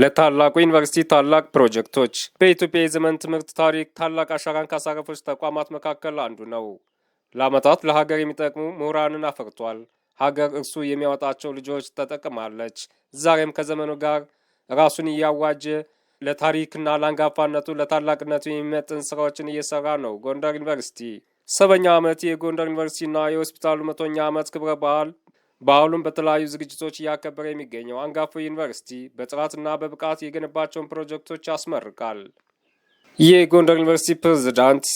ለታላቁ ዩኒቨርሲቲ ታላቅ ፕሮጀክቶች በኢትዮጵያ የዘመን ትምህርት ታሪክ ታላቅ አሻራን ካሳረፎች ተቋማት መካከል አንዱ ነው። ለዓመታት ለሀገር የሚጠቅሙ ምሁራንን አፈርቷል ሀገር እርሱ የሚያወጣቸው ልጆች ተጠቅማለች። ዛሬም ከዘመኑ ጋር ራሱን እያዋጀ ለታሪክና ለአንጋፋነቱ ለታላቅነቱ የሚመጥን ስራዎችን እየሰራ ነው። ጎንደር ዩኒቨርሲቲ ሰበኛ ዓመት የጎንደር ዩኒቨርሲቲና የሆስፒታሉ መቶኛ ዓመት ክብረ በዓል በአሁኑም በተለያዩ ዝግጅቶች እያከበረ የሚገኘው አንጋፎ ዩኒቨርሲቲ በጥራትና በብቃት የገነባቸውን ፕሮጀክቶች ያስመርቃል። የጎንደር ዩኒቨርሲቲ ፕሬዝዳንት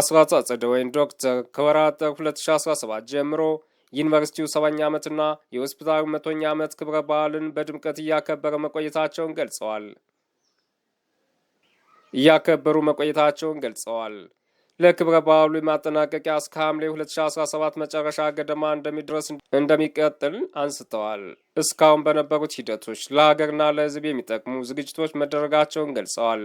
አስራት ወይም ዶክተር ከወራጠር 2017 ጀምሮ ዩኒቨርሲቲው ሰባኛ ዓመትና የሆስፒታሉ መቶኛ ዓመት ክብረ በዓልን በድምቀት እያከበረ መቆየታቸውን ገልጸዋል እያከበሩ መቆየታቸውን ገልጸዋል። ለክብረ በዓሉ ማጠናቀቂያ እስከ ሐምሌ 2017 መጨረሻ ገደማ እንደሚድረስ እንደሚቀጥል አንስተዋል። እስካሁን በነበሩት ሂደቶች ለሀገርና ለሕዝብ የሚጠቅሙ ዝግጅቶች መደረጋቸውን ገልጸዋል።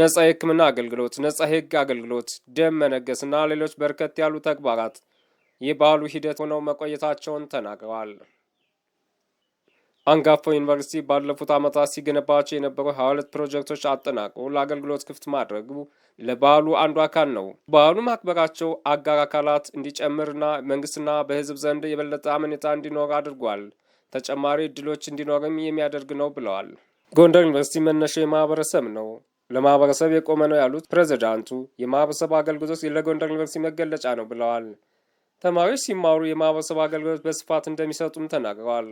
ነጻ የሕክምና አገልግሎት፣ ነጻ የሕግ አገልግሎት፣ ደም መነገስና ሌሎች በርከት ያሉ ተግባራት የበዓሉ ሂደት ሆነው መቆየታቸውን ተናግረዋል። አንጋፋው ዩኒቨርሲቲ ባለፉት ዓመታት ሲገነባቸው የነበሩ ሀያ ፕሮጀክቶች አጠናቅሮ ለአገልግሎት ክፍት ማድረጉ ለበዓሉ አንዱ አካል ነው። በዓሉ ማክበራቸው አጋር አካላት እንዲጨምርና መንግስትና በህዝብ ዘንድ የበለጠ አመኔታ እንዲኖር አድርጓል። ተጨማሪ እድሎች እንዲኖርም የሚያደርግ ነው ብለዋል። ጎንደር ዩኒቨርሲቲ መነሻው የማህበረሰብ ነው፣ ለማህበረሰብ የቆመ ነው ያሉት ፕሬዚዳንቱ የማህበረሰብ አገልግሎት ለጎንደር ዩኒቨርሲቲ መገለጫ ነው ብለዋል። ተማሪዎች ሲማሩ የማህበረሰብ አገልግሎት በስፋት እንደሚሰጡም ተናግረዋል።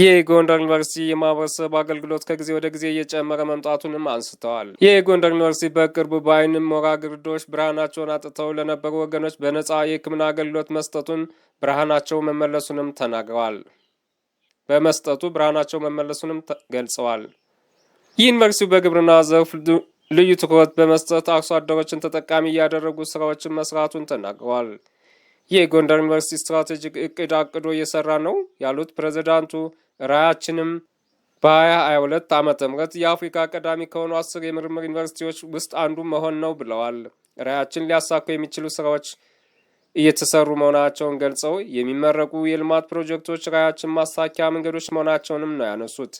የጎንደር ዩኒቨርሲቲ የማህበረሰብ አገልግሎት ከጊዜ ወደ ጊዜ እየጨመረ መምጣቱንም አንስተዋል። የጎንደር ዩኒቨርሲቲ በቅርቡ በአይን ሞራ ግርዶች ብርሃናቸውን አጥተው ለነበሩ ወገኖች በነፃ የሕክምና አገልግሎት መስጠቱን ብርሃናቸው መመለሱንም ተናግረዋል። በመስጠቱ ብርሃናቸው መመለሱንም ገልጸዋል። ዩኒቨርሲቲው በግብርና ዘርፍ ልዩ ትኩረት በመስጠት አርሶ አደሮችን ተጠቃሚ እያደረጉ ስራዎችን መስራቱን ተናግረዋል። የጎንደር ዩኒቨርሲቲ ስትራቴጂክ እቅድ አቅዶ እየሰራ ነው ያሉት ፕሬዚዳንቱ ራያችንም በ2022 ዓመተ ምህረት የአፍሪካ ቀዳሚ ከሆኑ አስር የምርምር ዩኒቨርሲቲዎች ውስጥ አንዱ መሆን ነው ብለዋል። ራያችን ሊያሳኩ የሚችሉ ስራዎች እየተሰሩ መሆናቸውን ገልጸው የሚመረቁ የልማት ፕሮጀክቶች ራያችን ማሳኪያ መንገዶች መሆናቸውንም ነው ያነሱት።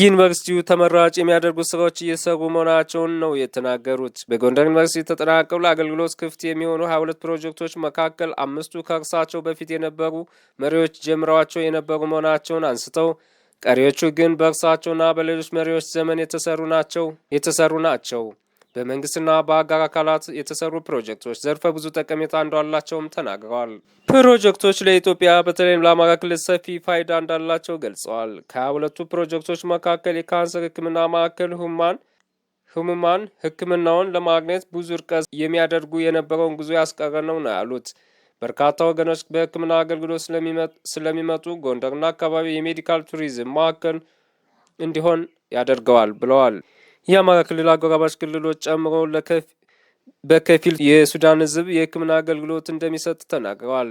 ዩኒቨርሲቲው ተመራጭ የሚያደርጉ ስራዎች እየሰሩ መሆናቸውን ነው የተናገሩት። በጎንደር ዩኒቨርሲቲ ተጠናቀው ለአገልግሎት ክፍት የሚሆኑ ሀያ ሁለት ፕሮጀክቶች መካከል አምስቱ ከእርሳቸው በፊት የነበሩ መሪዎች ጀምረዋቸው የነበሩ መሆናቸውን አንስተው ቀሪዎቹ ግን በእርሳቸውና በሌሎች መሪዎች ዘመን የተሰሩ ናቸው የተሰሩ ናቸው በመንግስትና በአጋር አካላት የተሰሩ ፕሮጀክቶች ዘርፈ ብዙ ጠቀሜታ እንዳላቸውም ተናግረዋል። ፕሮጀክቶች ለኢትዮጵያ በተለይም ለአማራ ክልል ሰፊ ፋይዳ እንዳላቸው ገልጸዋል። ከሀያ ሁለቱ ፕሮጀክቶች መካከል የካንሰር ህክምና ማዕከል ሁማን ህሙማን ህክምናውን ለማግኘት ብዙ ርቀት የሚያደርጉ የነበረውን ጉዞ ያስቀረ ነው ነው ያሉት። በርካታ ወገኖች በህክምና አገልግሎት ስለሚመጡ ጎንደርና አካባቢ የሜዲካል ቱሪዝም ማዕከል እንዲሆን ያደርገዋል ብለዋል። የአማራ ክልል አጎራባች ክልሎች ጨምሮ በከፊል የሱዳን ህዝብ የህክምና አገልግሎት እንደሚሰጥ ተናግረዋል።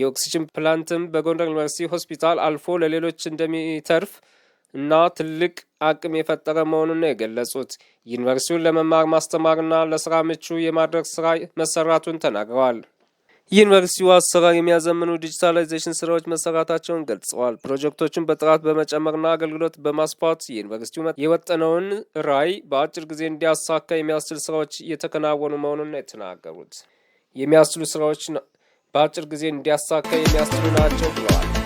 የኦክሲጅን ፕላንትም በጎንደር ዩኒቨርሲቲ ሆስፒታል አልፎ ለሌሎች እንደሚተርፍ እና ትልቅ አቅም የፈጠረ መሆኑን ነው የገለጹት። ዩኒቨርሲቲውን ለመማር ማስተማርና ለስራ ምቹ የማድረግ ስራ መሰራቱን ተናግረዋል። ዩኒቨርሲቲው አሰራር የሚያዘምኑ ዲጂታላይዜሽን ስራዎች መሰራታቸውን ገልጸዋል። ፕሮጀክቶችን በጥራት በመጨመርና አገልግሎት በማስፋት ዩኒቨርሲቲው የወጠነውን ራዕይ በአጭር ጊዜ እንዲያሳካ የሚያስችል ስራዎች እየተከናወኑ መሆኑን የተናገሩት የሚያስችሉ ስራዎች በአጭር ጊዜ እንዲያሳካ የሚያስችሉ ናቸው ብለዋል።